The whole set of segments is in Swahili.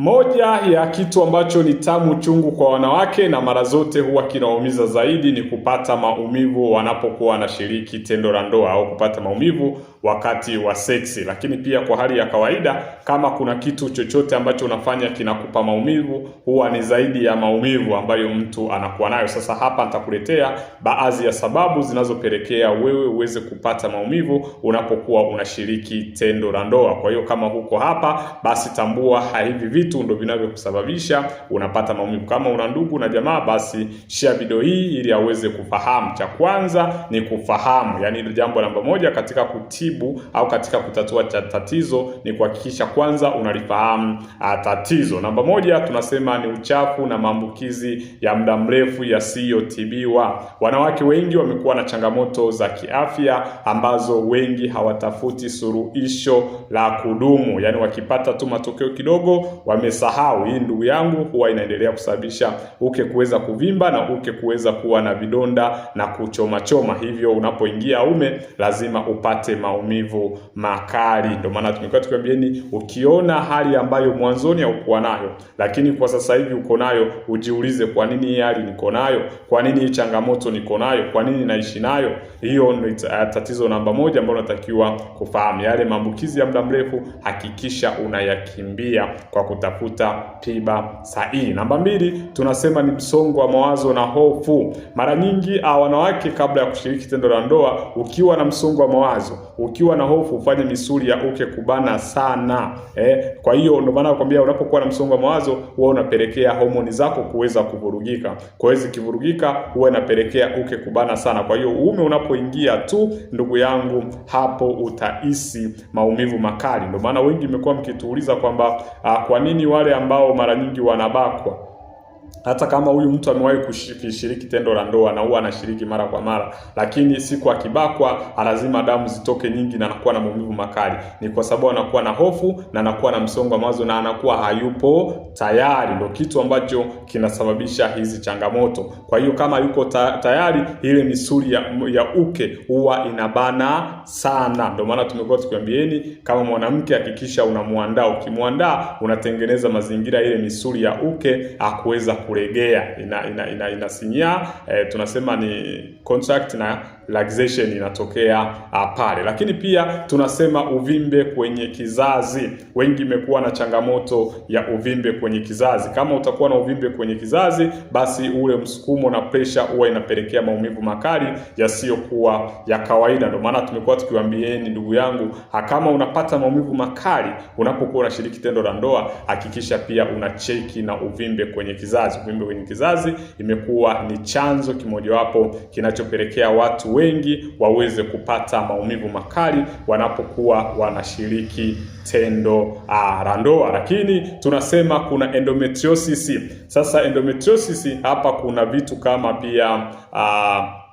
Moja ya kitu ambacho ni tamu chungu kwa wanawake na mara zote huwa kinawaumiza zaidi ni kupata maumivu wanapokuwa wanashiriki tendo la ndoa au kupata maumivu wakati wa seksi, lakini pia kwa hali ya kawaida, kama kuna kitu chochote ambacho unafanya kinakupa maumivu, huwa ni zaidi ya maumivu ambayo mtu anakuwa nayo. Sasa hapa nitakuletea baadhi ya sababu zinazopelekea wewe uweze kupata maumivu unapokuwa unashiriki tendo la ndoa. Kwa hiyo kama huko hapa, basi tambua hivi vitu ndio vinavyokusababisha unapata maumivu. Kama una ndugu na jamaa, basi share video hii ili aweze kufahamu. Cha kwanza ni kufahamu, yani jambo namba moja katika kuti kutibu au katika kutatua tatizo ni kuhakikisha kwanza unalifahamu ah, tatizo. Namba moja tunasema ni uchafu na maambukizi ya muda mrefu yasiyotibiwa. Wanawake wengi wamekuwa na changamoto za kiafya ambazo wengi hawatafuti suluhisho la kudumu, yaani wakipata tu matokeo kidogo wamesahau. Hii ndugu yangu huwa inaendelea kusababisha uke kuweza kuvimba na uke kuweza kuwa na vidonda na kuchomachoma. Hivyo unapoingia ume lazima upate maumivu maumivu makali. Ndio maana tumekuwa tukiambieni, ukiona hali ambayo mwanzoni haukuwa nayo, lakini kwa sasa hivi uko nayo, ujiulize, kwa nini hii hali niko nayo? Kwa nini hii changamoto niko nayo? Kwa nini naishi nayo? Hiyo ni uh, tatizo namba moja ambayo unatakiwa kufahamu. Yale maambukizi ya muda mrefu, hakikisha unayakimbia kwa kutafuta tiba sahihi. Namba mbili, tunasema ni msongo wa mawazo na hofu. Mara nyingi uh, wanawake, kabla ya kushiriki tendo la ndoa, ukiwa na msongo wa mawazo ukiwa na hofu ufanye misuli ya uke kubana sana eh. Kwa hiyo ndio maana nakwambia unapokuwa na msongo wa mawazo huwa unapelekea homoni zako kuweza kuvurugika. Kwa hiyo zikivurugika, huwa inapelekea uke kubana sana. Kwa hiyo uume unapoingia tu, ndugu yangu, hapo utahisi maumivu makali. Ndio maana wengi mmekuwa mkituuliza kwamba ah, kwa nini wale ambao mara nyingi wanabakwa hata kama huyu mtu amewahi kushiriki tendo la ndoa na huwa anashiriki mara kwa mara, lakini siku akibakwa lazima damu zitoke nyingi na anakuwa na maumivu makali, ni kwa sababu anakuwa na hofu na anakuwa na msongo wa mawazo na anakuwa hayupo tayari. Ndio kitu ambacho kinasababisha hizi changamoto. Kwa hiyo kama yuko ta tayari, ile misuli ya, ya uke huwa inabana sana. Ndio maana tumekuwa tukiambieni kama mwanamke, hakikisha unamuandaa, Ukimwandaa unatengeneza mazingira ile misuli ya uke akuweza kulegea ina, ina, ina, inasinyaa eh, tunasema ni contract na relaxation inatokea ah, pale. Lakini pia tunasema uvimbe kwenye kizazi. Wengi imekuwa na changamoto ya uvimbe kwenye kizazi. Kama utakuwa na uvimbe kwenye kizazi, basi ule msukumo na pressure huwa inapelekea maumivu makali yasiyokuwa ya kawaida. Ndio maana tumekuwa tukiwaambieni, ndugu yangu, kama unapata maumivu makali unapokuwa unashiriki tendo la ndoa, hakikisha pia una cheki na uvimbe kwenye kizazi. Uvimbe kwenye kizazi imekuwa ni chanzo kimojawapo kinachopelekea watu wengi waweze kupata maumivu makali wanapokuwa wanashiriki tendo ah, la ndoa. Lakini tunasema kuna endometriosis. Sasa endometriosis hapa kuna vitu kama pia aa, ah,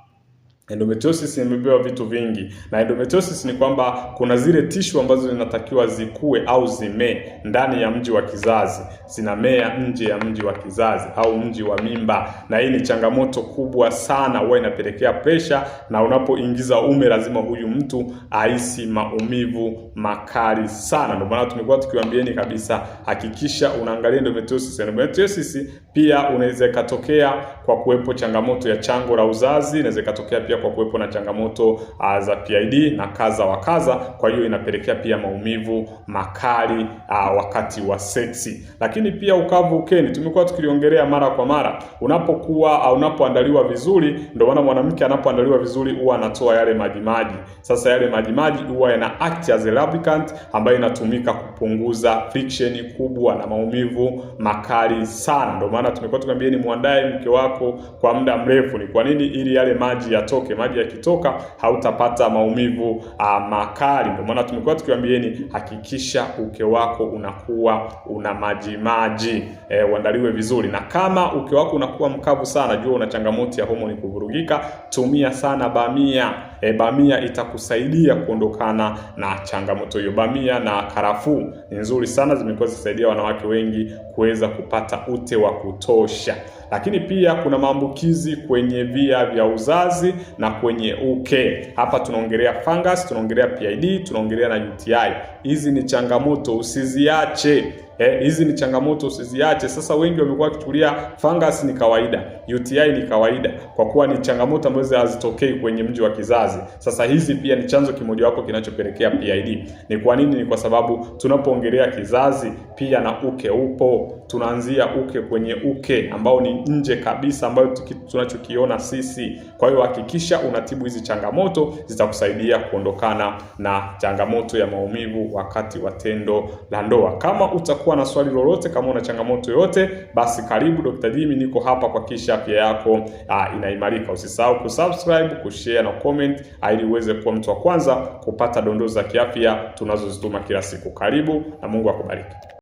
Endometriosis imebeba vitu vingi, na endometriosis ni kwamba kuna zile tishu ambazo zinatakiwa zikue au zimee ndani ya mji wa kizazi, zinamea nje ya mji wa kizazi au mji wa mimba, na hii ni changamoto kubwa sana, huwa inapelekea presha, na unapoingiza ume lazima huyu mtu ahisi maumivu makali sana. Ndio maana tumekuwa tukiwaambieni kabisa, hakikisha unaangalia endometriosis. Endometriosis pia unaweza ikatokea kwa kuwepo changamoto ya chango la uzazi, inaweza ikatokea pia pia kwa kuwepo na changamoto ah, za PID na kaza wa kaza, kwa hiyo inapelekea pia maumivu makali ah, wakati wa seksi. Lakini pia ukavu ukeni, tumekuwa tukiliongelea mara kwa mara, unapokuwa ah, unapoandaliwa vizuri, ndio maana mwanamke anapoandaliwa vizuri huwa anatoa yale majimaji. Sasa yale majimaji huwa yana act as a lubricant ambayo inatumika kupunguza friction kubwa na maumivu makali sana. Ndio maana tumekuwa tukiambieni muandae mke wako kwa muda mrefu. Ni kwa nini? Ili yale maji yatoke yasitoke. Maji yakitoka hautapata maumivu uh, makali. Ndio maana tumekuwa tukiwaambieni hakikisha uke wako unakuwa una maji maji, e, uandaliwe vizuri. Na kama uke wako unakuwa mkavu sana, jua una changamoto ya homoni kuvurugika, tumia sana bamia e, bamia itakusaidia kuondokana na changamoto hiyo. Bamia na karafuu ni nzuri sana, zimekuwa zikisaidia wanawake wengi kuweza kupata ute wa kutosha. Lakini pia kuna maambukizi kwenye via vya uzazi na kwenye uke. Hapa tunaongelea fungus, tunaongelea PID, tunaongelea na UTI. Hizi ni changamoto, usiziache. Eh, hizi eh, ni changamoto usiziache. Sasa wengi wamekuwa wakichukulia fungus ni kawaida, UTI ni kawaida, kwa kuwa ni changamoto ambazo hazitokei kwenye mji wa kizazi. Sasa hizi pia ni chanzo kimojawapo kinachopelekea PID. Ni kwa nini? Ni kwa sababu tunapoongelea kizazi pia na uke upo, tunaanzia uke kwenye uke ambao ni nje kabisa, ambayo tunachokiona sisi. Kwa hiyo hakikisha unatibu hizi changamoto, zitakusaidia kuondokana na changamoto ya maumivu wakati wa tendo la ndoa kama uta kuwa na swali lolote, kama una changamoto yoyote, basi karibu Dr. Jimmy, niko hapa kuhakikisha afya yako uh, inaimarika. Usisahau kusubscribe, kushare na comment uh, ili uweze kuwa mtu wa kwanza kupata dondoo za kiafya tunazozituma kila siku. Karibu na Mungu akubariki.